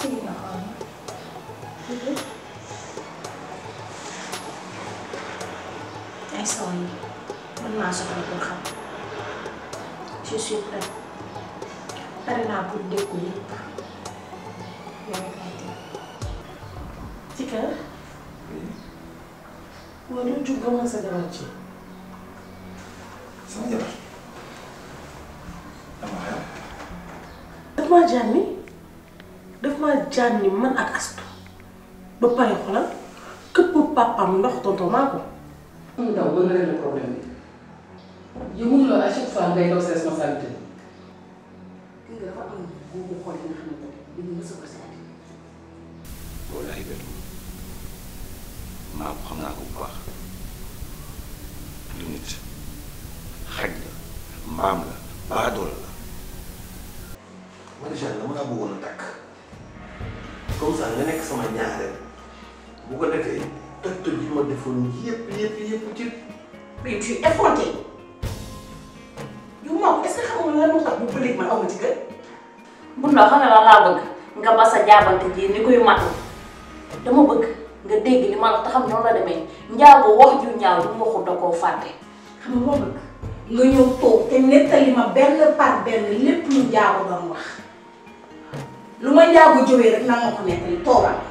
instant yi man maa soxla pour xam je suis prêt pare naa pour dékku yëpp yow ay tey ci kër war na jug ba sa jabar ci sama jabar dama xew daf maa jàmmi daf maa jaan ni man ak astu ba pare xolal këpp papaam ndox tonton maa ko. amul ndaw mën na leen problème bi yow mënuloo à chaque fois ngay daw sa responsabilité. kii nga dafa am googu xool yi nga xam ne dañu mës a ko seeti. wallaahi benn maa ko xam naa ko bu baax lu nit xaj la mbaam la baadoola la. man incha allah mën naa bëggoon a takk. comme ça nga nekk sama ñaareel bu ko defee toj toj yi ma defoon yëpp yëpp ci. mais tu es effronté yow Maodo est-ce que xam nga lan moo tax bu bëleeg man aw ma ci kër. mun na ne lan laa bëgg nga ba sa jaabante ji ni koy mat dama bëgg nga dégg li ma la taxam noonu la demee njaago wax ju ñaaw lu ma da koo fàtte. xam nga moo bëgg ñëw toog te nettali ma benn par benn lépp lu njaago doon wax. lu ma njaagu jëwee rek nan ma ko nettali toogal